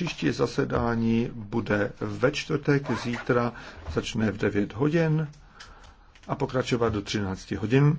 Příští zasedání bude ve čtvrtek, zítra začne v 9 hodin a pokračovat do 13 hodin.